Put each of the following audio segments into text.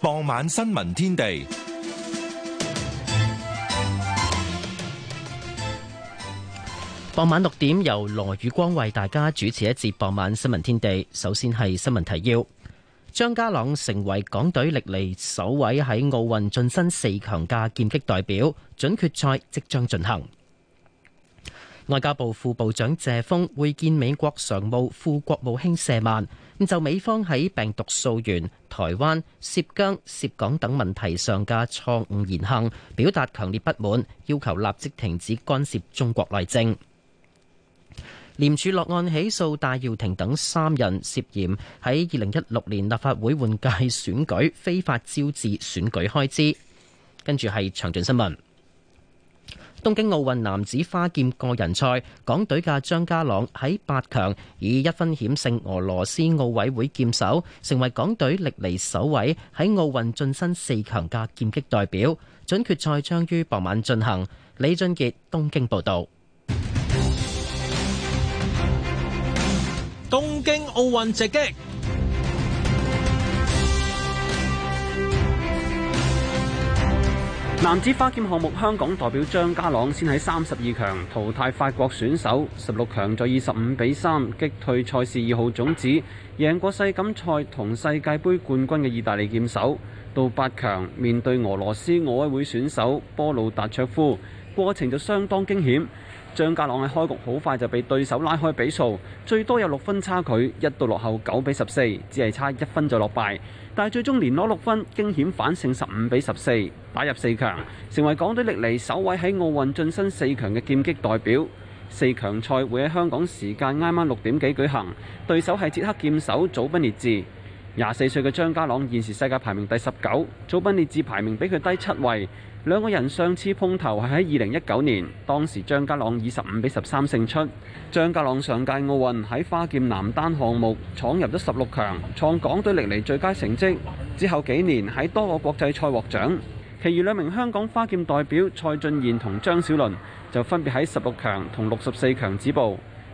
傍晚新聞天地，傍晚六點由羅宇光為大家主持一節傍晚新聞天地。首先係新聞提要：張家朗成為港隊歷嚟首位喺奧運晉身四強嘅劍擊代表，準決賽即將進行。外交部副部長謝鋒會見美國常務副國務卿舍曼，咁就美方喺病毒溯源、台灣涉疆、涉港等問題上嘅錯誤言行，表達強烈不滿，要求立即停止干涉中國內政。廉署落案起訴戴耀廷等三人涉嫌喺二零一六年立法會換屆選舉非法招致選舉開支。跟住係詳盡新聞。東京奧運男子花劍個人賽，港隊嘅張家朗喺八強以一分險勝俄羅斯奧委會劍手，成為港隊歷嚟首位喺奧運晉身四強嘅劍擊代表。準決賽將於傍晚進行。李俊杰，東京報道。東京奧運直擊。男子花劍項目，香港代表張家朗先喺三十二強淘汰法國選手，十六強再以十五比三擊退賽事二號種子、贏過世錦賽同世界杯冠軍嘅意大利劍手，到八強面對俄羅斯奧委會選手波魯達卓夫，過程就相當驚險。張家朗喺開局好快就被對手拉開比數，最多有六分差距，一度落後九比十四，只係差一分就落敗，但係最終連攞六分，驚險反勝十五比十四，打入四強，成為港隊歷嚟首位喺奧運晉身四強嘅劍擊代表。四強賽會喺香港時間挨晚六點幾舉行，對手係捷克劍手祖賓列治。廿四歲嘅張家朗現時世界排名第十九，祖賓列治排名比佢低七位。兩個人上次碰頭係喺二零一九年，當時張家朗以十五比十三勝出。張家朗上屆奧運喺花劍男單項目闖入咗十六強，創港隊歷嚟最佳成績。之後幾年喺多個國際賽獲獎。其餘兩名香港花劍代表蔡俊賢同張小倫就分別喺十六強同六十四強止步。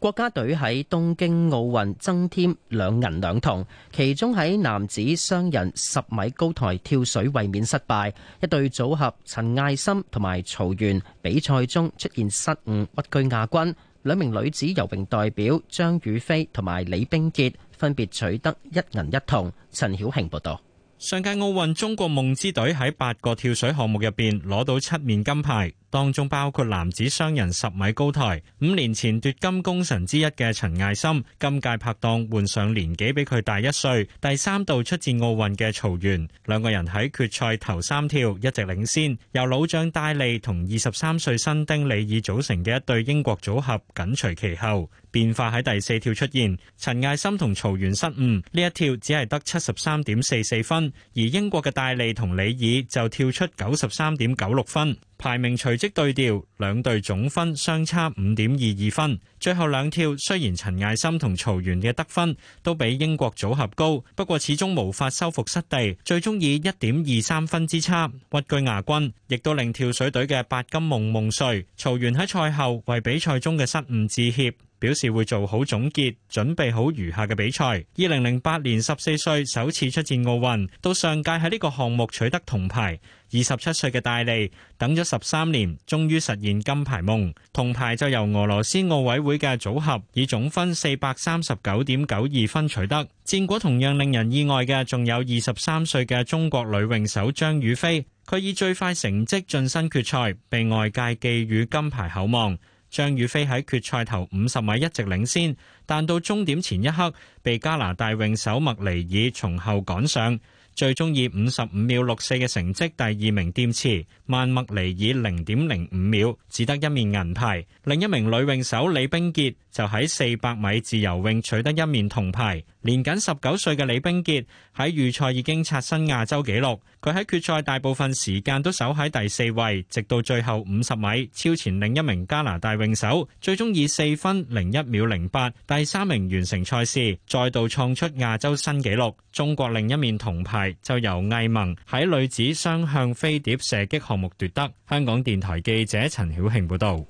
國家隊喺東京奧運增添兩銀兩銅，其中喺男子雙人十米高台跳水衛冕失敗，一對組合陳艾森同埋曹源，比賽中出現失誤，屈居亞軍。兩名女子游泳代表張雨霏同埋李冰潔分別取得一銀一銅。陳曉慶報道：上屆奧運中國夢之隊喺八個跳水項目入邊攞到七面金牌。當中包括男子雙人十米高台，五年前奪金功臣之一嘅陳艾森，今屆拍檔換上年紀比佢大一歲，第三度出戰奧運嘅曹緣。兩個人喺決賽頭三跳一直領先，由老將戴利同二十三歲新丁李爾組成嘅一對英國組合緊隨其後。變化喺第四跳出現，陳艾森同曹緣失誤呢一跳，只係得七十三點四四分，而英國嘅戴利同李爾就跳出九十三點九六分。排名隨即對調，兩隊總分相差五點二二分。最後兩跳雖然陳艾森同曹源嘅得分都比英國組合高，不過始終無法收復失地，最終以一點二三分之差屈居亞軍，亦都令跳水隊嘅八金夢夢碎。曹源喺賽後為比賽中嘅失誤致歉。表示會做好總結，準備好餘下嘅比賽。二零零八年十四歲首次出戰奧運，到上屆喺呢個項目取得銅牌。二十七歲嘅戴利等咗十三年，終於實現金牌夢，銅牌就由俄羅斯奧委會嘅組合以總分四百三十九點九二分取得。戰果同樣令人意外嘅，仲有二十三歲嘅中國女泳手張雨霏，佢以最快成績晉身決賽，被外界寄予金牌厚望。張雨霏喺決賽頭五十米一直領先，但到終點前一刻被加拿大泳手麥尼爾從後趕上，最終以五十五秒六四嘅成績，第二名掂池。萬默尼以零點零五秒只得一面銀牌，另一名女泳手李冰潔就喺400米自由泳取得一面銅牌。年僅十九歲嘅李冰潔喺預賽已經刷新亞洲紀錄，佢喺決賽大部分時間都守喺第四位，直到最後五十米超前另一名加拿大泳手，最終以四分零一秒零八第三名完成賽事，再度創出亞洲新紀錄。中國另一面銅牌就由魏萌喺女子雙向飛碟射擊項目奪得。香港電台記者陳曉慶報導，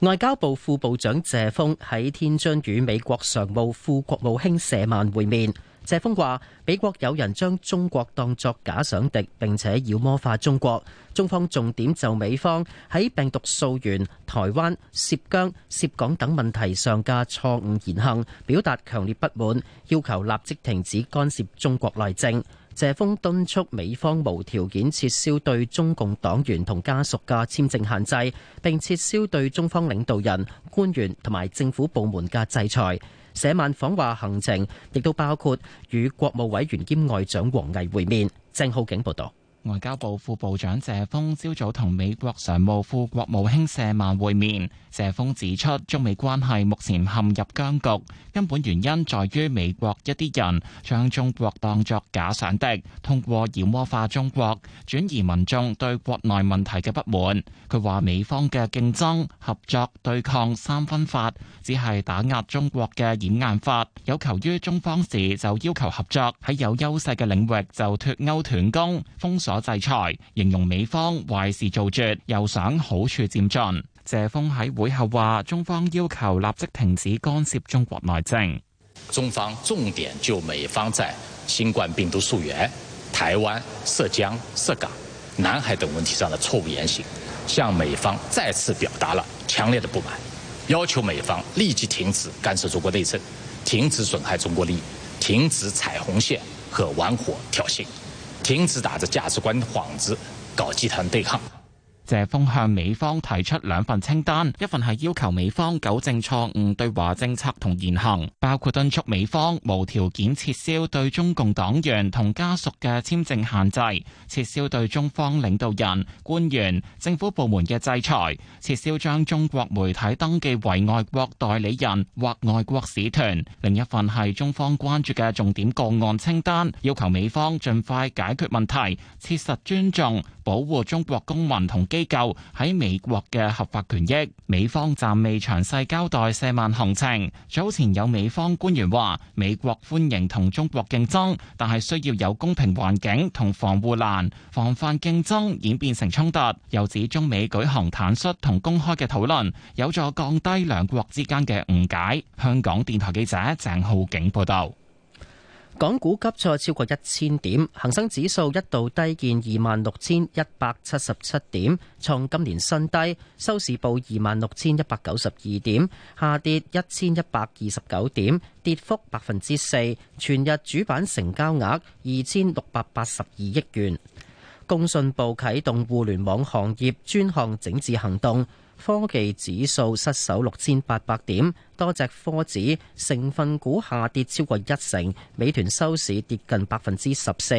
外交部副部長謝峰喺天津與美國常務副國務卿舍曼會面。謝峰話：美國有人將中國當作假想敵，並且妖魔化中國。中方重點就美方喺病毒溯源、台灣、涉疆、涉港等問題上嘅錯誤言行，表達強烈不滿，要求立即停止干涉中國內政。謝鋒敦促美方無條件撤銷對中共黨員同家屬嘅簽證限制，並撤銷對中方領導人、官員同埋政府部門嘅制裁。謝萬訪華行程亦都包括與國務委員兼外長王毅會面。鄭浩景報道。外交部副部長謝鋒朝早同美國常務副國務卿舍曼會面。謝鋒指出，中美關係目前陷入僵局，根本原因在於美國一啲人將中國當作假想敵，通過妖魔化中國，轉移民眾對國內問題嘅不滿。佢話美方嘅競爭、合作、對抗三分法，只係打壓中國嘅掩眼法。有求於中方時就要求合作，喺有優勢嘅領域就脫鈎斷供、封鎖。所制裁，形容美方壞事做絕，又想好處佔盡。謝鋒喺會後話，中方要求立即停止干涉中國內政。中方重點就美方在新冠病毒溯源、台灣、涉疆、涉港、南海等問題上的錯誤言行，向美方再次表達了強烈的不滿，要求美方立即停止干涉中國內政，停止損害中國利益，停止踩紅線和玩火挑釁。停止打着價值觀的幌子搞集團對抗。謝鋒向美方提出兩份清單，一份係要求美方糾正錯誤對華政策同言行，包括敦促美方無條件撤銷對中共黨員同家屬嘅簽證限制，撤銷對中方領導人、官員、政府部門嘅制裁，撤銷將中國媒體登記為外國代理人或外國使團。另一份係中方關注嘅重點個案清單，要求美方盡快解決問題，切實尊重、保護中國公民同機機構喺美國嘅合法權益，美方暫未詳細交代射萬行程。早前有美方官員話，美國歡迎同中國競爭，但係需要有公平環境同防護欄，防範競爭演變成衝突。又指中美舉行坦率同公開嘅討論，有助降低兩國之間嘅誤解。香港電台記者鄭浩景報道。港股急挫超過一千點，恒生指數一度低見二萬六千一百七十七點，創今年新低，收市報二萬六千一百九十二點，下跌一千一百二十九點，跌幅百分之四。全日主板成交額二千六百八十二億元。工信部啟動互聯網行業專項整治行動。科技指數失守六千八百點，多隻科指成分股下跌超過一成，美團收市跌近百分之十四，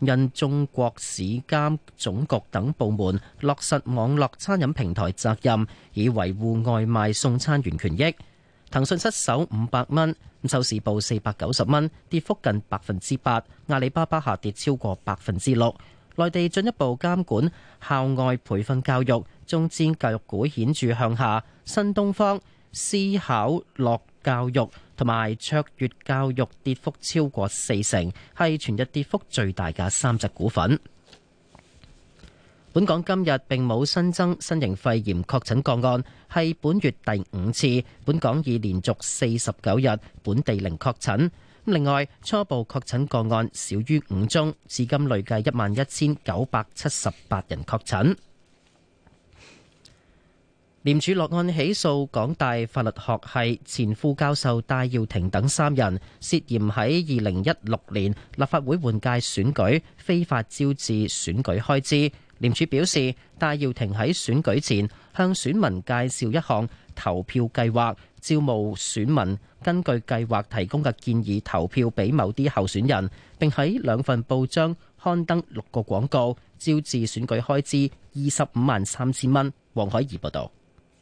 因中國市監總局等部門落實網絡餐飲平台責任，以維護外賣送餐員權益。騰訊失守五百蚊，收市報四百九十蚊，跌幅近百分之八。阿里巴巴下跌超過百分之六。內地進一步監管校外培訓教育。中資教育股顯著向下，新東方、思考樂教育同埋卓越教育跌幅超過四成，係全日跌幅最大嘅三隻股份。本港今日並冇新增新型肺炎確診個案，係本月第五次。本港已連續四十九日本地零確診。另外，初步確診個案少於五宗，至今累計一萬一千九百七十八人確診。廉署落案起訴港大法律學系前副教授戴耀廷等三人，涉嫌喺二零一六年立法會換屆選舉非法招致選舉開支。廉署表示，戴耀廷喺選舉前向選民介紹一項投票計劃，招募選民根據計劃提供嘅建議投票俾某啲候選人，並喺兩份報章刊登六個廣告，招致選舉開支二十五萬三千蚊。黃海怡報導。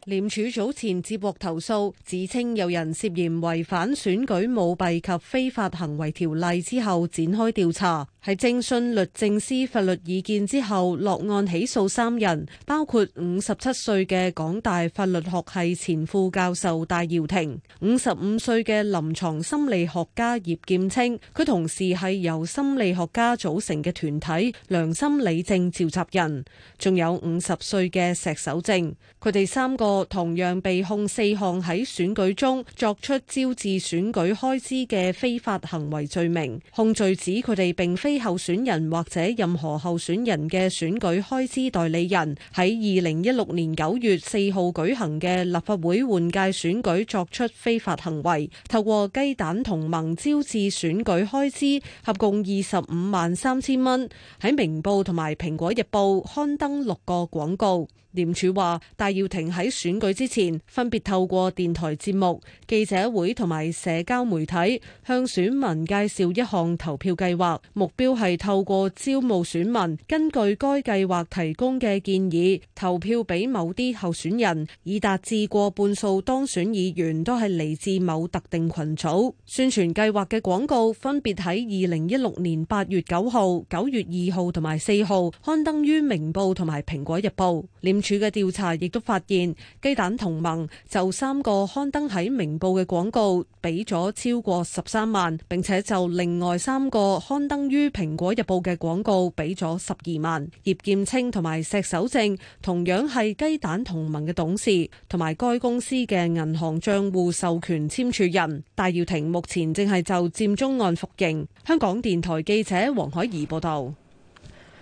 廉署早前接獲投訴，自稱有人涉嫌違反選舉舞弊及非法行為條例之後，展開調查。喺徵詢律政司法律意見之後，落案起訴三人，包括五十七歲嘅港大法律學系前副教授戴耀廷、五十五歲嘅臨床心理學家葉劍清。佢同時係由心理學家組成嘅團體良心理政召集人，仲有五十歲嘅石守正。佢哋三個同樣被控四項喺選舉中作出招致選舉開支嘅非法行為罪名，控罪指佢哋並非候選人或者任何候選人嘅選舉開支代理人，喺二零一六年九月四號舉行嘅立法會換屆選舉作出非法行為，透過雞蛋同盟招致選舉開支合共二十五萬三千蚊，喺明報同埋蘋果日報刊登六個廣告。廉署話戴耀廷喺選舉之前，分別透過電台節目、記者會同埋社交媒體向選民介紹一項投票計劃，目標係透過招募選民，根據該計劃提供嘅建議投票俾某啲候選人，以達至過半數當選議員都係嚟自某特定群組。宣傳計劃嘅廣告分別喺二零一六年八月九號、九月二號同埋四號刊登於明報同埋《蘋果日報》。廉處嘅調查亦都發現，雞蛋同盟就三個刊登喺明報嘅廣告俾咗超過十三萬，並且就另外三個刊登於蘋果日報嘅廣告俾咗十二萬。葉劍清同埋石守正同樣係雞蛋同盟嘅董事，同埋該公司嘅銀行賬戶授權簽署人。戴耀廷目前正係就佔中案服刑。香港電台記者黃海怡報道。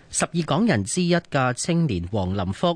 十二港人之一嘅青年黃林福。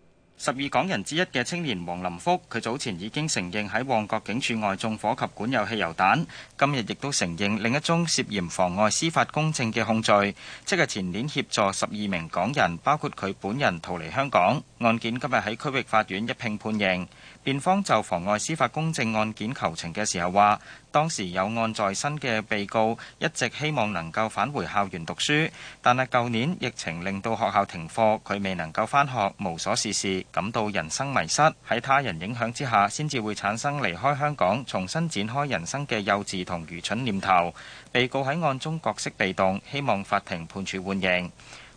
十二港人之一嘅青年黃林福，佢早前已經承認喺旺角警署外縱火及管有汽油彈，今日亦都承認另一宗涉嫌妨礙司法公正嘅控罪，即係前年協助十二名港人，包括佢本人，逃離香港。案件今日喺區域法院一併判刑，辯方就妨礙司法公正案件求情嘅時候話，當時有案在身嘅被告一直希望能夠返回校園讀書，但係舊年疫情令到學校停課，佢未能夠返學，無所事事，感到人生迷失，喺他人影響之下，先至會產生離開香港重新展開人生嘅幼稚同愚蠢念頭。被告喺案中角色被動，希望法庭判處緩刑。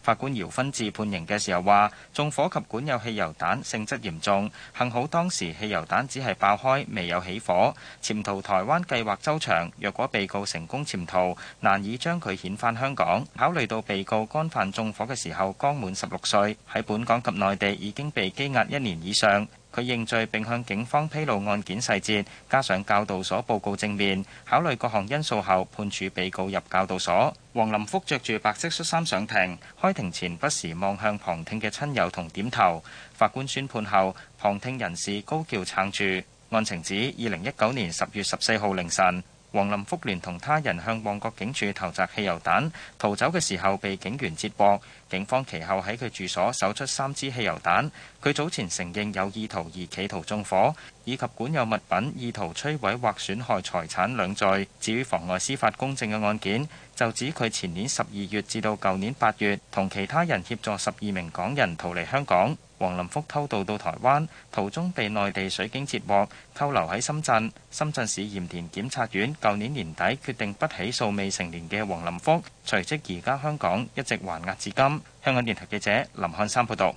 法官姚勳智判刑嘅時候話，縱火及管有汽油彈性質嚴重。幸好當時汽油彈只係爆開未有起火。潛逃台灣計劃周詳，若果被告成功潛逃，難以將佢遣返香港。考慮到被告干犯縱火嘅時候剛滿十六歲，喺本港及內地已經被羈押一年以上。佢認罪並向警方披露案件細節，加上教導所報告正面，考慮各項因素後，判處被告入教導所。黃林福着住白色恤衫上庭，開庭前不時望向旁聽嘅親友同點頭。法官宣判後，旁聽人士高叫撐住。案情指，二零一九年十月十四號凌晨，黃林福聯同他人向旺角警署投擲汽油彈，逃走嘅時候被警員截獲。警方其後喺佢住所搜出三支汽油彈。佢早前承認有意圖而企圖縱火，以及管有物品意圖摧毀或損害財產兩罪。至於妨礙司法公正嘅案件，就指佢前年十二月至到舊年八月同其他人協助十二名港人逃離香港。黃林福偷渡到台灣，途中被內地水警截獲，扣留喺深圳。深圳市鹽田檢察院舊年年底決定不起訴未成年嘅黃林福，隨即移交香港，一直還押至今。香港電台記者林漢山報道。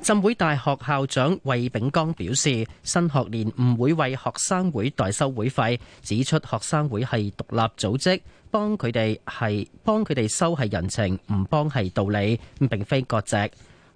浸會大學校長魏炳剛表示，新學年唔會為學生會代收會費，指出學生會係獨立組織，幫佢哋係幫佢哋，收係人情，唔幫係道理，咁並非割席。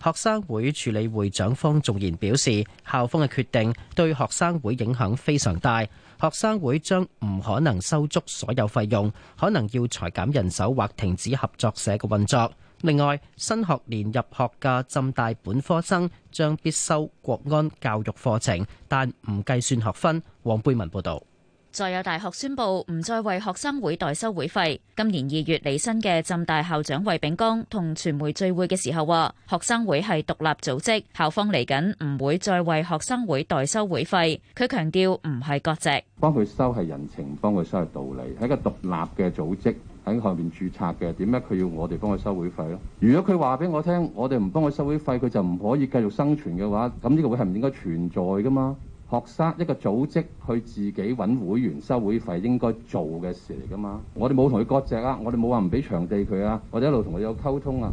學生會處理會長方仲賢表示，校方嘅決定對學生會影響非常大，學生會將唔可能收足所有費用，可能要裁減人手或停止合作社嘅運作。另外，新學年入學嘅浸大本科生將必修國安教育課程，但唔計算學分。黃貝文報道。再有大學宣布唔再為學生會代收會費。今年二月履新嘅浸大校長衛炳江同傳媒聚會嘅時候話：學生會係獨立組織，校方嚟緊唔會再為學生會代收會費。佢強調唔係割席，幫佢收係人情，幫佢收係道理，係一個獨立嘅組織喺外面註冊嘅，點解佢要我哋幫佢收會費咧？如果佢話俾我聽，我哋唔幫佢收會費，佢就唔可以繼續生存嘅話，咁呢個會係唔應該存在㗎嘛？學生一個組織去自己揾會員收會費應該做嘅事嚟㗎嘛，我哋冇同佢割席啊，我哋冇話唔俾場地佢啊，我哋一路同佢有溝通啊。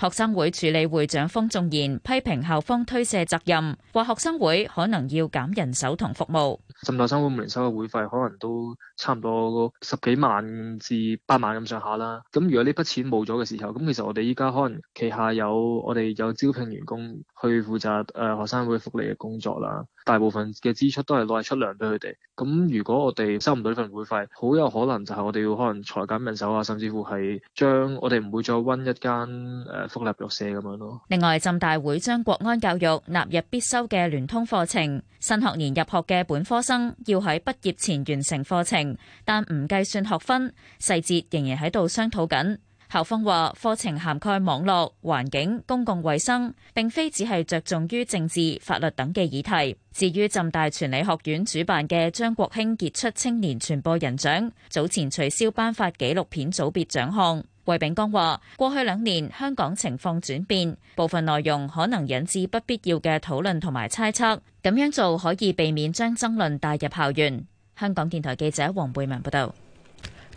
學生會處理會長方仲賢批評校方推卸責任，話學生會可能要減人手同服務。浸大學生會每年收嘅會費可能都差唔多十幾萬至八萬咁上下啦，咁如果呢筆錢冇咗嘅時候，咁其實我哋依家可能旗下有我哋有招聘員工去負責誒學生會福利嘅工作啦，大部分。嘅支出都係攞嚟出糧俾佢哋。咁如果我哋收唔到份會費，好有可能就係我哋要可能裁減人手啊，甚至乎係將我哋唔會再溫一間誒福利藥社咁樣咯。另外，浸大會將國安教育納入必修嘅聯通課程，新學年入學嘅本科生要喺畢業前完成課程，但唔計算學分。細節仍然喺度商討緊。校方話課程涵蓋網絡、環境、公共衛生，並非只係着重於政治、法律等嘅議題。至於浸大傳理學院主辦嘅張國興傑出青年傳播人獎，早前取消頒發紀錄片組別獎項。衛炳江話：過去兩年香港情況轉變，部分內容可能引致不必要嘅討論同埋猜測，咁樣做可以避免將爭論帶入校園。香港電台記者黃貝文報道。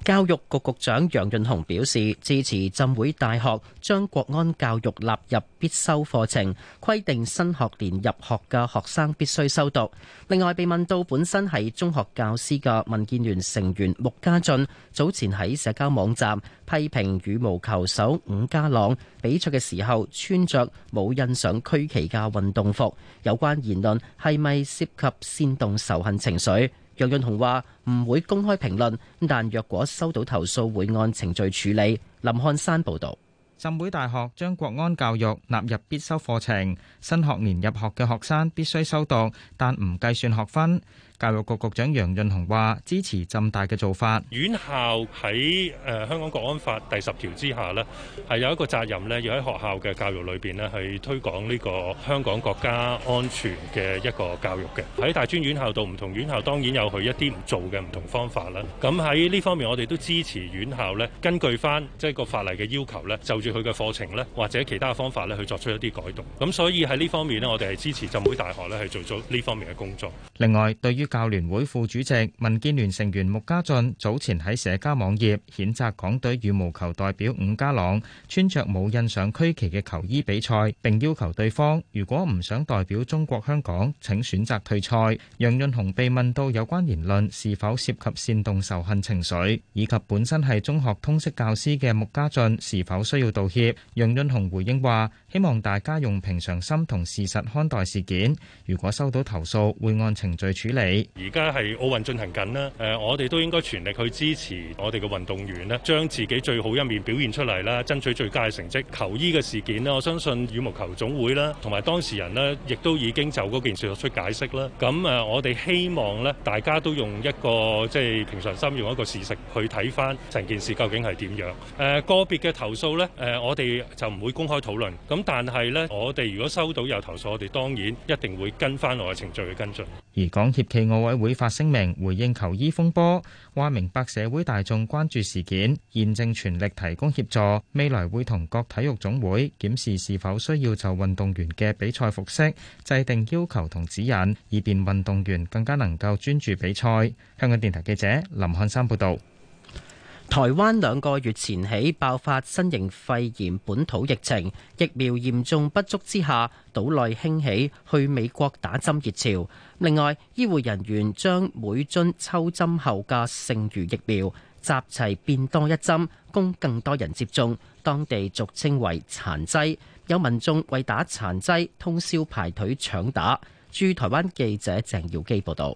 教育局局長楊潤雄表示支持浸會大學將國安教育納入必修課程，規定新學年入學嘅學生必須修讀。另外，被問到本身係中學教師嘅民建聯成員穆家駿，早前喺社交網站批評羽毛球手伍家朗比賽嘅時候穿着冇印上區旗嘅運動服，有關言論係咪涉及煽動仇恨情緒？楊潤雄話唔會公開評論，但若果收到投訴會按程序處理。林漢山報道，浸會大學將國安教育納入必修課程，新學年入學嘅學生必須修讀，但唔計算學分。教育局局長楊潤雄話：支持浸大嘅做法。院校喺誒香港國安法第十條之下呢係有一個責任呢，要喺學校嘅教育裏邊呢去推廣呢個香港國家安全嘅一個教育嘅。喺大專院校度，唔同院校，當然有佢一啲唔做嘅唔同方法啦。咁喺呢方面，我哋都支持院校呢，根據翻即係個法例嘅要求呢，就住佢嘅課程呢或者其他嘅方法呢去作出一啲改動。咁所以喺呢方面呢，我哋係支持浸會大學呢去做咗呢方面嘅工作。另外，對於。教聯會副主席、民建聯成員穆家俊早前喺社交網頁譴責港隊羽毛球代表伍家朗穿着冇印上區旗嘅球衣比賽，並要求對方如果唔想代表中國香港，請選擇退賽。楊潤雄被問到有關言論是否涉及煽動仇恨情緒，以及本身係中學通識教師嘅穆家俊是否需要道歉，楊潤雄回應話。希望大家用平常心同事實看待事件。如果收到投訴，會按程序處理。而家係奧運進行緊啦，誒，我哋都應該全力去支持我哋嘅運動員咧，將自己最好一面表現出嚟啦，爭取最佳嘅成績。球衣嘅事件咧，我相信羽毛球總會啦，同埋當事人呢亦都已經就嗰件事作出解釋啦。咁誒，我哋希望咧，大家都用一個即係平常心，用一個事實去睇翻成件事究竟係點樣。誒，個別嘅投訴呢，誒，我哋就唔會公開討論。咁但係呢，我哋如果收到有投訴，我哋當然一定會跟翻我嘅程序去跟進。而港協暨奧委會發聲明回應球衣風波，話明白社會大眾關注事件，現正全力提供協助，未來會同各體育總會檢視是否需要就運動員嘅比賽服飾制定要求同指引，以便運動員更加能夠專注比賽。香港電台記者林漢山報道。台灣兩個月前起爆發新型肺炎本土疫情，疫苗嚴重不足之下，島內興起去美國打針熱潮。另外，醫護人員將每樽抽針後嘅剩餘疫苗集齊變多一針，供更多人接種，當地俗稱為殘劑。有民眾為打殘劑通宵排隊搶打。駐台灣記者鄭耀基報導。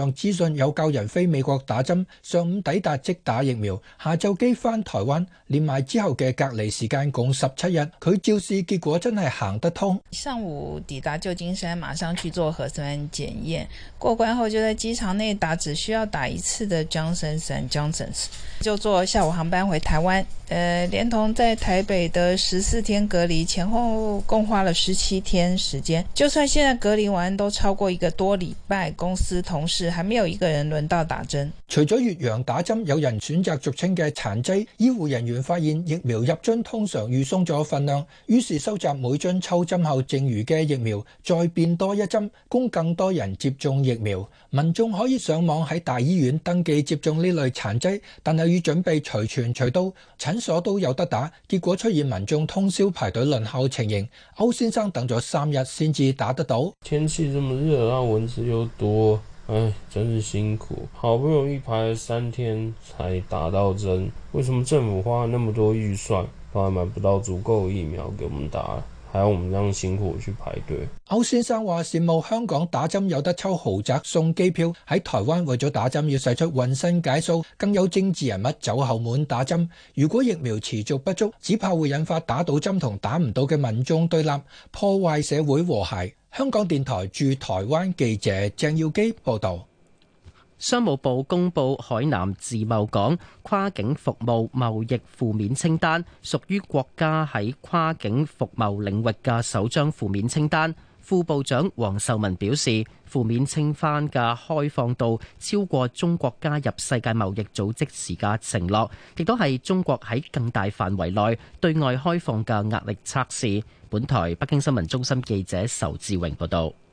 讓資訊有教人飛美國打針，上午抵達即打疫苗，下晝機翻台灣，連埋之後嘅隔離時間共十七日。佢照試結果真係行得通。上午抵達舊金山，馬上去做核酸檢驗，過關後就在機場內打，只需要打一次的 Johnson & Johnson，就坐下午航班回台灣。誒、呃，連同在台北的十四天隔離，前後共花了十七天時間。就算現在隔離完都超過一個多禮拜，公司同事。還沒有一個人輪到打針。除咗越洋打針，有人選擇俗稱嘅殘劑。醫護人員發現疫苗入樽通常預鬆咗份量，於是收集每樽抽針後剩餘嘅疫苗，再變多一針，供更多人接種疫苗。民眾可以上網喺大醫院登記接種呢類殘劑，但係要準備隨傳隨到。診所都有得打，結果出現民眾通宵排隊輪候情形。歐先生等咗三日先至打得到。天氣咁熱，啊，蚊子又多。唉，真是辛苦，好不容易排了三天才打到針，為什麼政府花了那麼多預算，都還買不到足夠的疫苗給我們打？還要我唔使咁辛苦去排隊。歐先生話羨慕香港打針有得抽豪宅送機票，喺台灣為咗打針要使出渾身解數，更有政治人物走後門打針。如果疫苗持續不足，只怕會引發打到針同打唔到嘅民眾對立，破壞社會和諧。香港電台駐台灣記者鄭耀基報道。商務部公布海南自貿港跨境服務貿易負面清單，屬於國家喺跨境服務領域嘅首張負面清單，副部長黃秀文表示，負面清翻嘅開放度超過中國加入世界貿易組織時嘅承諾，亦都係中國喺更大範圍內對外開放嘅壓力測試，本台北京新聞中心記者仇志榮報道。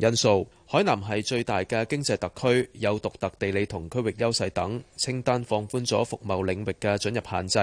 因素。海南係最大嘅經濟特區，有獨特地理同區域優勢等清單，放寬咗服務領域嘅准入限制，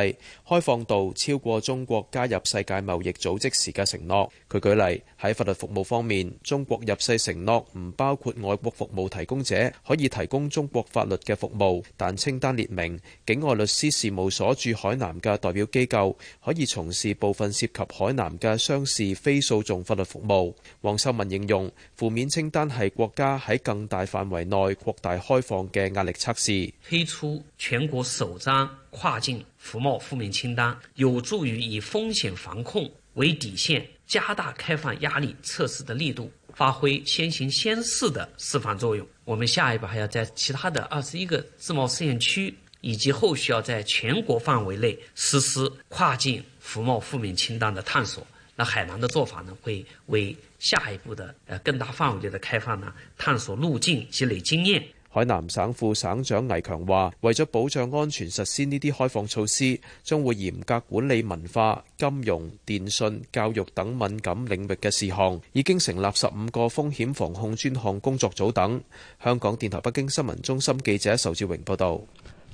開放度超過中國加入世界貿易組織時嘅承諾。佢舉例喺法律服務方面，中國入世承諾唔包括外國服務提供者可以提供中國法律嘅服務，但清單列明境外律師事務所駐海南嘅代表機構可以從事部分涉及海南嘅商事非訴訟法律服務。黃秀文形容負面清單係國家喺更大範圍內擴大開放嘅壓力測試，推出全國首張跨境服貿負面清單，有助於以風險防控為底線，加大開放壓力測試的力度，發揮先行先試的示範作用。我們下一步還要在其他的二十一個自貿試驗區，以及後續要在全國範圍內實施跨境服貿負面清單的探索。那海南的做法呢，會為下一步的更大範圍的開放呢，探索路徑，積累經驗。海南省副省長魏強話：為咗保障安全，實施呢啲開放措施，將會嚴格管理文化、金融、電信、教育等敏感領域嘅事項，已經成立十五個風險防控專項工作組等。香港電台北京新聞中心記者仇志榮報道。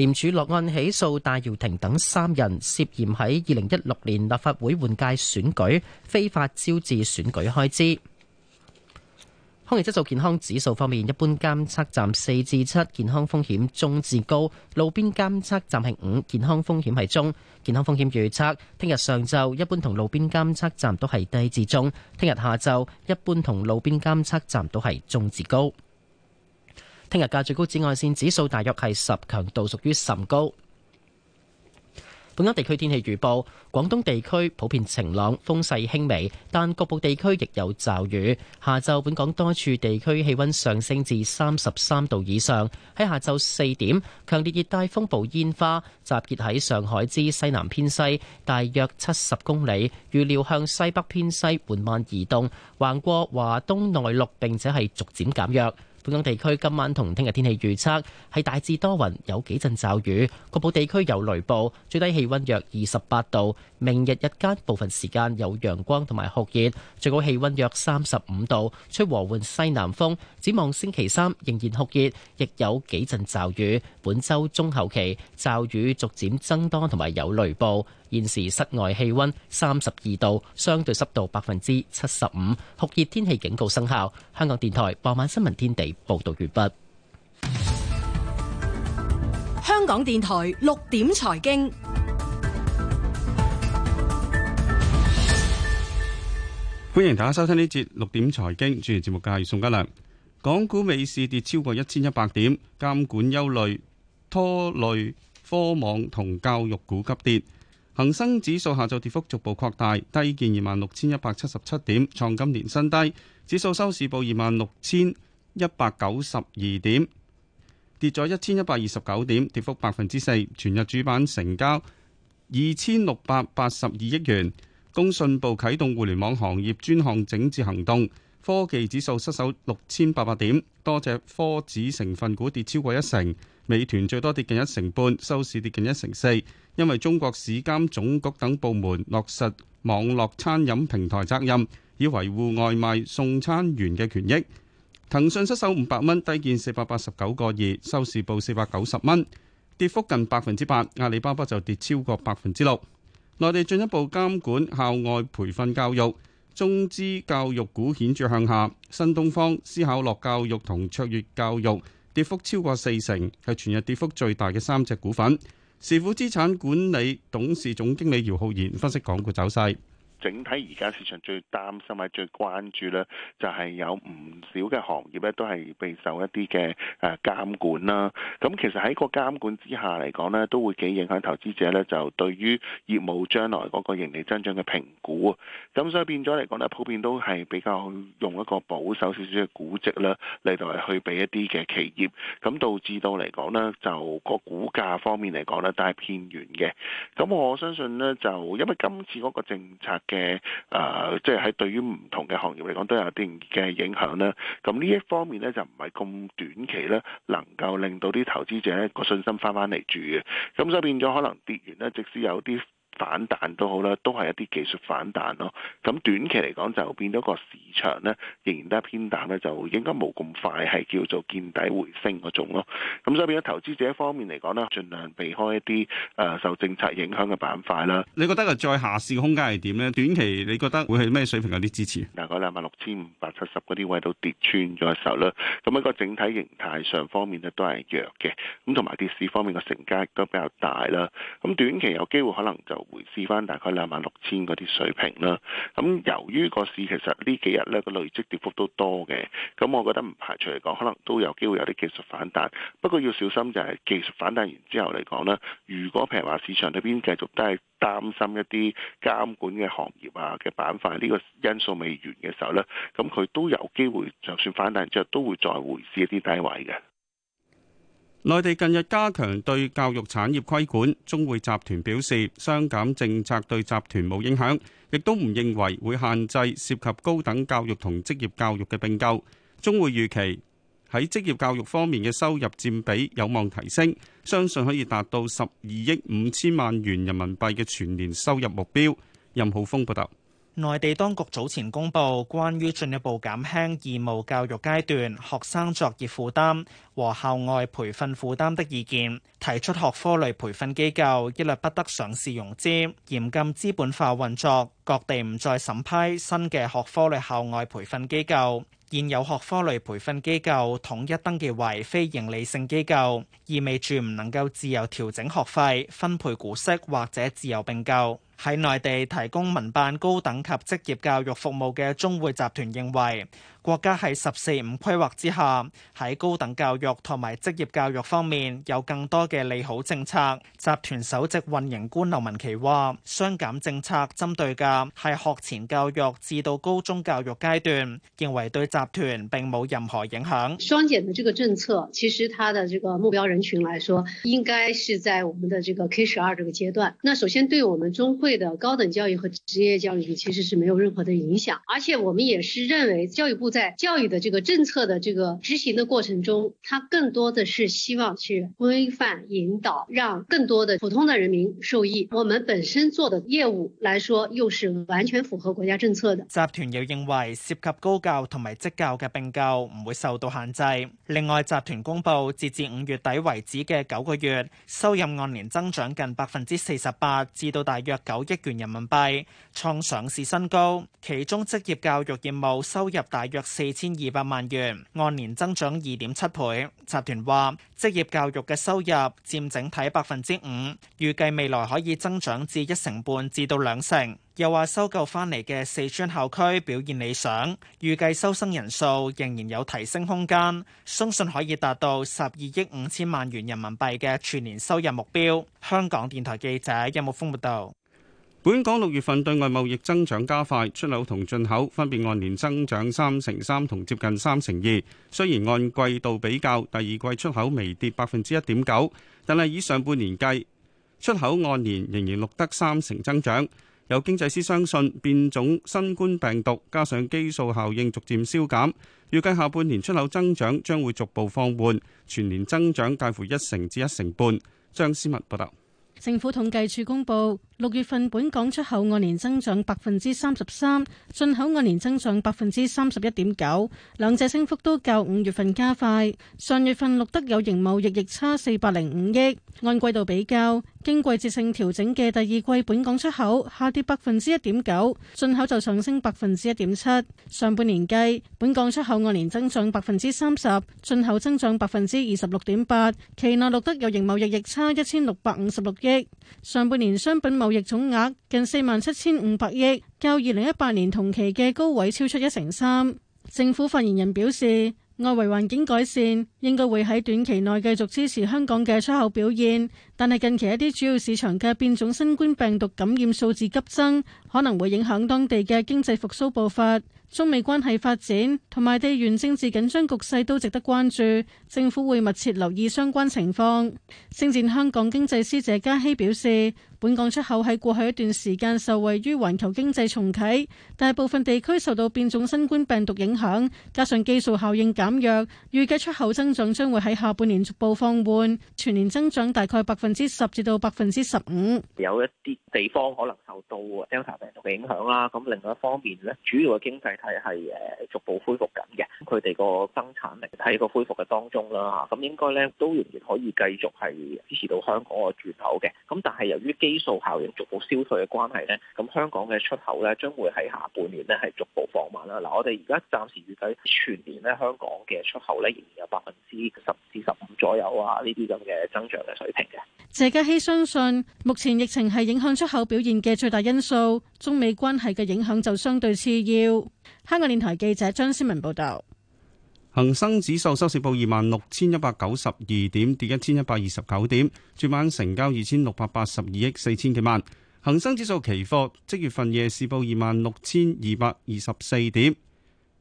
廉署落案起訴戴耀廷等三人，涉嫌喺二零一六年立法會換屆選舉非法招致選舉開支。空氣質素健康指數方面，一般監測站四至七，健康風險中至高；路邊監測站係五，健康風險係中。健康風險預測：聽日上晝一般同路邊監測站都係低至中；聽日下晝一般同路邊監測站都係中至高。聽日嘅最高紫外線指數大約係十，強度屬於甚高。本港地區天氣預報，廣東地區普遍晴朗，風勢輕微，但局部地區亦有驟雨。下晝本港多處地區氣温上升至三十三度以上。喺下晝四點，強烈熱帶風暴煙花集結喺上海之西南偏西，大約七十公里，預料向西北偏西緩慢移動，橫過華東內陸，並且係逐漸減弱。本港地區今晚同聽日天氣預測係大致多雲，有幾陣驟雨，局部地區有雷暴。最低氣溫約二十八度。明日日間部分時間有陽光同埋酷熱，最高氣溫約三十五度，吹和緩西南風。展望星期三仍然酷熱，亦有幾陣驟雨。本周中後期驟雨逐漸增多，同埋有雷暴。現時室外氣溫三十二度，相對濕度百分之七十五，酷熱天氣警告生效。香港電台傍晚新聞天地報道完畢。香港電台六點財經，歡迎大家收聽呢節六點財經。主持節目嘅係宋嘉良。港股尾市跌超過一千一百點，監管憂慮拖累科網同教育股急跌。恆生指數下晝跌幅逐步擴大，低見二萬六千一百七十七點，創今年新低。指數收市報二萬六千一百九十二點，跌咗一千一百二十九點，跌幅百分之四。全日主板成交二千六百八十二億元。工信部啟動互聯網行業專項整治行動，科技指數失守六千八百點，多隻科指成分股跌超過一成，美團最多跌近一成半，收市跌近一成四。因為中國市監總局等部門落實網絡餐飲平台責任，以維護外賣送餐員嘅權益。騰訊失守五百蚊，低見四百八十九個二，收市報四百九十蚊，跌幅近百分之八。阿里巴巴就跌超過百分之六。內地進一步監管校外培訓教育，中資教育股顯著向下。新東方、思考樂教育同卓越教育跌幅超過四成，係全日跌幅最大嘅三隻股份。時富資產管理董事總經理姚浩然分析港股走勢。整體而家市場最擔心或者最關注咧，就係有唔少嘅行業咧，都係備受一啲嘅誒監管啦。咁其實喺個監管之下嚟講咧，都會幾影響投資者咧，就對於業務將來嗰個盈利增長嘅評估。咁所以變咗嚟講咧，普遍都係比較用一個保守少少嘅估值啦，嚟到去俾一啲嘅企業，咁導致到嚟講咧，就個股價方面嚟講咧，都係偏軟嘅。咁我相信咧，就因為今次嗰個政策。嘅、呃、誒，即係喺對於唔同嘅行業嚟講，都有啲嘅影響啦。咁呢一方面咧，就唔係咁短期咧，能夠令到啲投資者個信心返返嚟住嘅。咁所以變咗可能跌完咧，即使有啲。反彈都好啦，都係一啲技術反彈咯。咁短期嚟講就變咗個市場呢，仍然都係偏淡呢，就應該冇咁快係叫做見底回升嗰種咯。咁所以變咗投資者方面嚟講咧，儘量避開一啲誒、呃、受政策影響嘅板塊啦。你覺得個再下試嘅空間係點呢？短期你覺得會係咩水平有啲支持？大概兩萬六千五百七十嗰啲位都跌穿咗嘅時候。咁、那、一個整體形態上方面呢，都係弱嘅。咁同埋跌市方面嘅成交亦都比較大啦。咁短期有機會可能就～回試翻大概兩萬六千嗰啲水平啦。咁由於個市其實呢幾日咧個累積跌幅都多嘅，咁我覺得唔排除嚟講，可能都有機會有啲技術反彈。不過要小心就係技術反彈完之後嚟講咧，如果譬如話市場裏邊繼續都係擔心一啲監管嘅行業啊嘅板塊呢個因素未完嘅時候呢，咁佢都有機會就算反彈完之後都會再回試一啲低位嘅。內地近日加強對教育產業規管，中匯集團表示，雙減政策對集團冇影響，亦都唔認為會限制涉及高等教育同職業教育嘅並購。中匯預期喺職業教育方面嘅收入佔比有望提升，相信可以達到十二億五千萬元人民幣嘅全年收入目標。任浩峰報道。內地當局早前公布關於進一步減輕義務教育階段學生作業負擔和校外培訓負擔的意見，提出學科類培訓機構一律不得上市融資，嚴禁資本化運作，各地唔再審批新嘅學科類校外培訓機構，現有學科類培訓機構統一登記為非營利性機構，意味住唔能夠自由調整學費、分配股息或者自由併購。喺內地提供民辦高等及職業教育服務嘅中匯集團認為，國家喺十四五規劃之下，喺高等教育同埋職業教育方面有更多嘅利好政策。集團首席運營官劉文琪話，雙減政策針對嘅係學前教育至到高中教育階段，認為對集團並冇任何影響。雙減的這個政策，其實它的這個目標人群來說，應該是在我們的 K 十二這個階段。那首先對我們中匯的高等教育和職業教育其實是沒有任何的影響，而且我們也是認為教育部。在教育的這個政策的這個執行的過程中，他更多的是希望去規範引導，讓更多的普通的人民受益。我們本身做的業務來說，又是完全符合國家政策的。集團又認為涉及高教同埋職教嘅併購唔會受到限制。另外，集團公佈截至五月底為止嘅九個月，收入按年增長近百分之四十八，至到大約九億元人民幣，創上市新高。其中，職業教育業務，業務收入大約四千二百萬元，按年增長二點七倍。集團話職業教育嘅收入佔整體百分之五，預計未來可以增長至一成半至到兩成。又話收購翻嚟嘅四川校區表現理想，預計收生人數仍然有提升空間，相信可以達到十二億五千萬元人民幣嘅全年收入目標。香港電台記者任木豐報道。本港六月份對外貿易增長加快，出口同進口分別按年增長三成三同接近三成二。雖然按季度比較，第二季出口微跌百分之一點九，但係以上半年計，出口按年仍然錄得三成增長。有經濟師相信變種新冠病毒加上基數效應逐漸消減，預計下半年出口增長將會逐步放緩，全年增長介乎一成至一成半。張思文報道。政府統計處公布。六月份本港出口按年增長百分之三十三，進口按年增長百分之三十一點九，兩者升幅都較五月份加快。上月份錄得有形貿易逆差四百零五億，按季度比較，經季節性調整嘅第二季本港出口下跌百分之一點九，進口就上升百分之一點七。上半年計，本港出口按年增長百分之三十，進口增長百分之二十六點八，期內錄得有形貿易逆差一千六百五十六億。上半年商品貿貿易總額近四萬七千五百億，較二零一八年同期嘅高位超出一成三。政府發言人表示，外圍環境改善應該會喺短期內繼續支持香港嘅出口表現，但係近期一啲主要市場嘅變種新冠病毒感染數字急增，可能會影響當地嘅經濟復蘇步伐。中美關係發展同埋地緣政治緊張局勢都值得關注，政府會密切留意相關情況。星展香港經濟師謝嘉希表示。本港出口喺過去一段時間受惠於環球經濟重啟，大部分地區受到變種新冠病毒影響，加上基數效應減弱，預計出口增長將會喺下半年逐步放緩，全年增長大概百分之十至到百分之十五。有一啲地方可能受到 Delta 病毒嘅影響啦，咁另外一方面咧，主要嘅經濟體係誒逐步恢復緊嘅，佢哋個生產力喺個恢復嘅當中啦，咁應該咧都仍然可以繼續係支持到香港嘅出口嘅，咁但係由於基數效應逐步消退嘅關係呢，咁香港嘅出口呢將會喺下半年呢係逐步放慢啦。嗱，我哋而家暫時預計全年呢香港嘅出口呢仍然有百分之十至十五左右啊，呢啲咁嘅增長嘅水平嘅。謝家希相信，目前疫情係影響出口表現嘅最大因素，中美關係嘅影響就相對次要。香港電台記者張思文報道。恒生指數收市報二萬六千一百九十二點，跌一千一百二十九點。主板成交二千六百八十二億四千幾萬。恒生指數期貨即月份夜市報二萬六千二百二十四點，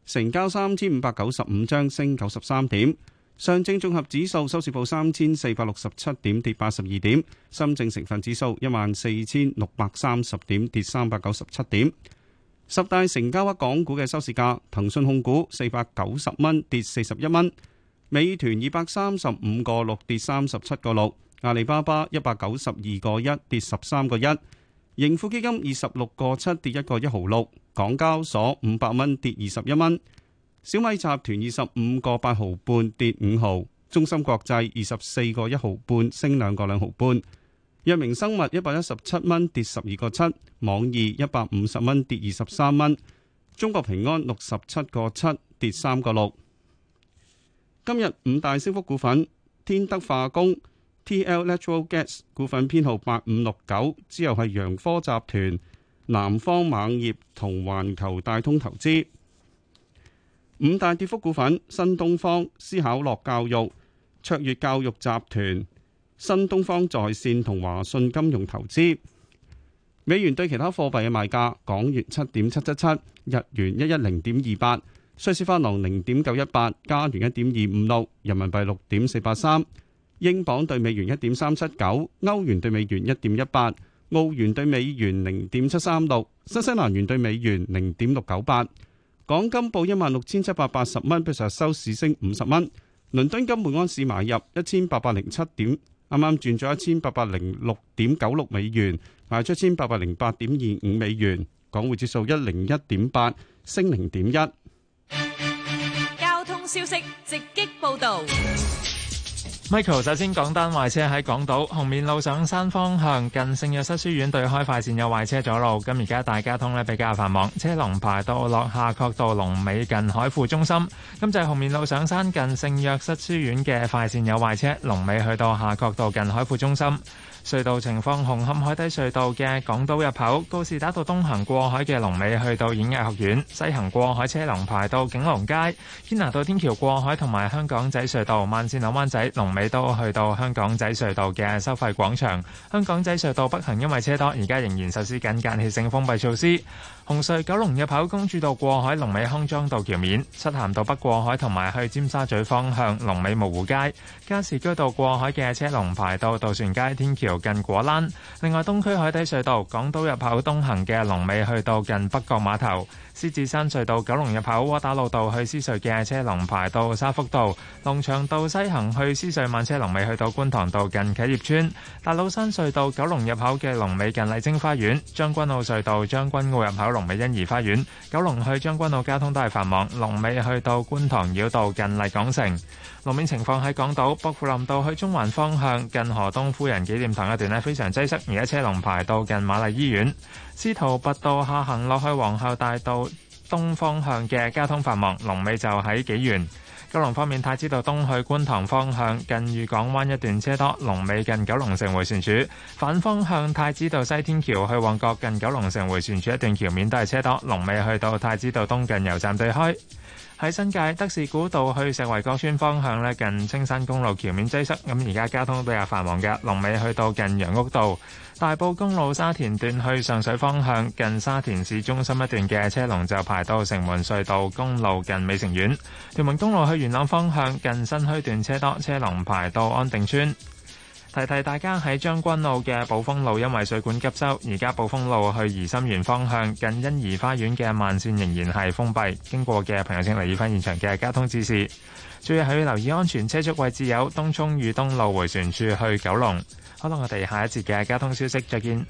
成交三千五百九十五張，升九十三點。上證綜合指數收市報三千四百六十七點，跌八十二點。深證成分指數一萬四千六百三十點，跌三百九十七點。十大成交額港股嘅收市價：騰訊控股四百九十蚊，跌四十一蚊；美團二百三十五個六，跌三十七個六；阿里巴巴一百九十二個一，跌十三個一；盈富基金二十六個七，跌一個一毫六；港交所五百蚊，跌二十一蚊；小米集團二十五個八毫半，跌五毫；中芯國際二十四個一毫半，升兩個兩毫半。藥明生物一百一十七蚊，跌十二個七，網易一百五十蚊，跌二十三蚊，中國平安六十七個七，跌三個六。今日五大升幅股份：天德化工、TL Natural Gas 股份編號八五六九，之後係揚科集團、南方錳業同環球大通投資。五大跌幅股份：新東方、思考樂教育、卓越教育集團。新東方在線同華信金融投資。美元對其他貨幣嘅賣價：港元七點七七七，日元一一零點二八，瑞士法郎零點九一八，加元一點二五六，人民幣六點四八三，英鎊對美元一點三七九，歐元對美元一點一八，澳元對美元零點七三六，新西蘭元對美元零點六九八。港金報一萬六千七百八十蚊，比實收市升五十蚊。倫敦金每安士買入一千八百零七點。啱啱轉咗一千八百零六點九六美元，賣出一千八百零八點二五美元，港匯指數一零一點八，升零點一。交通消息直擊報導。Michael，首先講單壞車，喺港島紅棉路上山方向近聖約瑟書院對開快線有壞車阻路，咁而家大交通咧比較繁忙，車龍排到落夏愨道龍尾近海富中心。咁就係紅棉路上山近聖約瑟書院嘅快線有壞車，龍尾去到夏愨道近海富中心。隧道情況：紅磡海底隧道嘅港島入口，告士打道東行過海嘅龍尾去到演藝學院；西行過海車龍排到景隆街，堅拿道天橋過海同埋香港仔隧道、慢線龍灣仔龍尾都去到香港仔隧道嘅收費廣場。香港仔隧道北行因為車多，而家仍然實施緊間歇性封閉措施。紅隧九龍入口，公主道過海，龍尾康莊道橋面；漆咸道北過海同埋去尖沙咀方向，龍尾蕪湖街；加士居道過海嘅車龍排到渡船街天橋近果欄；另外東區海底隧道港島入口東行嘅龍尾去到近北角碼頭。獅子山隧道九龍入口窩打老道去獅隧嘅車龍排到沙福道，龍翔道西行去獅隧慢車龍尾去到觀塘道近啟業村，大老山隧道九龍入口嘅龍尾近麗晶花園，將軍澳隧道將軍澳入口龍尾欣怡花園，九龍去將軍澳交通都係繁忙，龍尾去到觀塘繞道近麗港城，路面情況喺港島薄扶林道去中環方向近何東夫人紀念堂一段呢，非常擠塞，而家車龍排到近瑪麗醫院。司徒拔道下行落去皇后大道東方向嘅交通繁忙，龍尾就喺幾元。九龍方面，太子道東去觀塘方向近御港灣一段車多，龍尾近九龍城回旋處。反方向太子道西天橋去旺角近九龍城回旋處一段橋面都係車多，龍尾去到太子道東近油站對開。喺新界德士古道去石圍角村方向咧，近青山公路橋面擠塞，咁而家交通都比較繁忙嘅。龍尾去到近楊屋道。大埔公路沙田段去上水方向，近沙田市中心一段嘅車龍就排到城門隧道公路近美城苑。屯門公路去元朗方向，近新墟段車多，車龍排到安定村。提提大家喺將軍澳嘅寶豐路，因為水管急修，而家寶豐路去怡心園方向近欣怡花園嘅慢綫仍然係封閉。經過嘅朋友，請留意翻現場嘅交通指示。注意留意安全車速位置，有東涌裕東路回旋處去九龍。好，我哋下一節嘅交通消息，再見。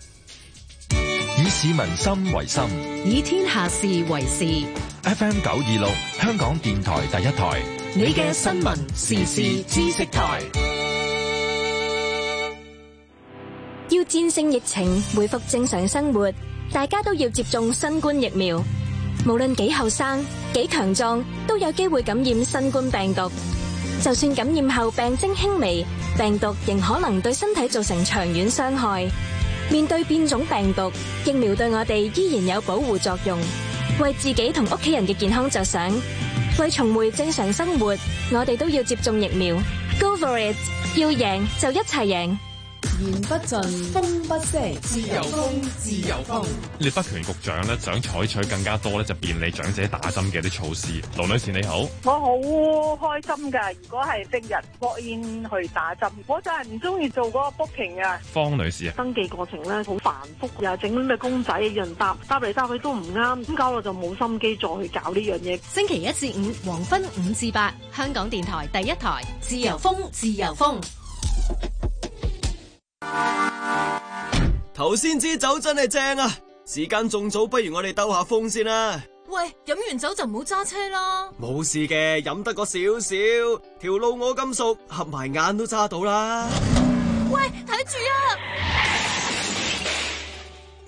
以市民心為心，以天下事為事。F M 九二六，香港電台第一台，你嘅新聞時事知識台。要戰勝疫情，回復正常生活，大家都要接種新冠疫苗。無論幾後生、幾強壯，都有機會感染新冠病毒。就算感染後病徵輕微，病毒仍可能對身體造成長遠傷害。面對變種病毒，疫苗對我哋依然有保護作用。為自己同屋企人嘅健康着想，為重回正常生活，我哋都要接種疫苗。Go for it！要贏就一齊贏。言不盡，風不息，自由風，自由風。聶德權局長咧，想採取更加多咧就便利長者打針嘅啲措施。羅女士你好，我好開心噶。如果係平日我先去打針，我就係唔中意做嗰個 booking 啊。方女士啊，登記過程咧好繁複，又整啲咩公仔，有人搭答嚟搭去都唔啱，咁搞到就冇心機再去搞呢樣嘢。星期一至五，黃昏五至八，香港電台第一台，自由風，自由風。頭先支酒真係正啊！時間仲早，不如我哋兜下風先啦。喂，飲完酒就唔好揸車啦。冇事嘅，飲得個少少，條路我咁熟，合埋眼都揸到啦。喂，睇住啊！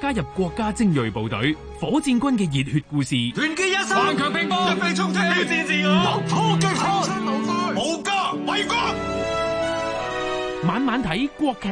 加入國家精銳部隊，火箭軍嘅熱血故事，團結一心，頑強拼搏，一飛沖天，建設自我，突破極限，無畏無家，為國。慢慢睇國劇。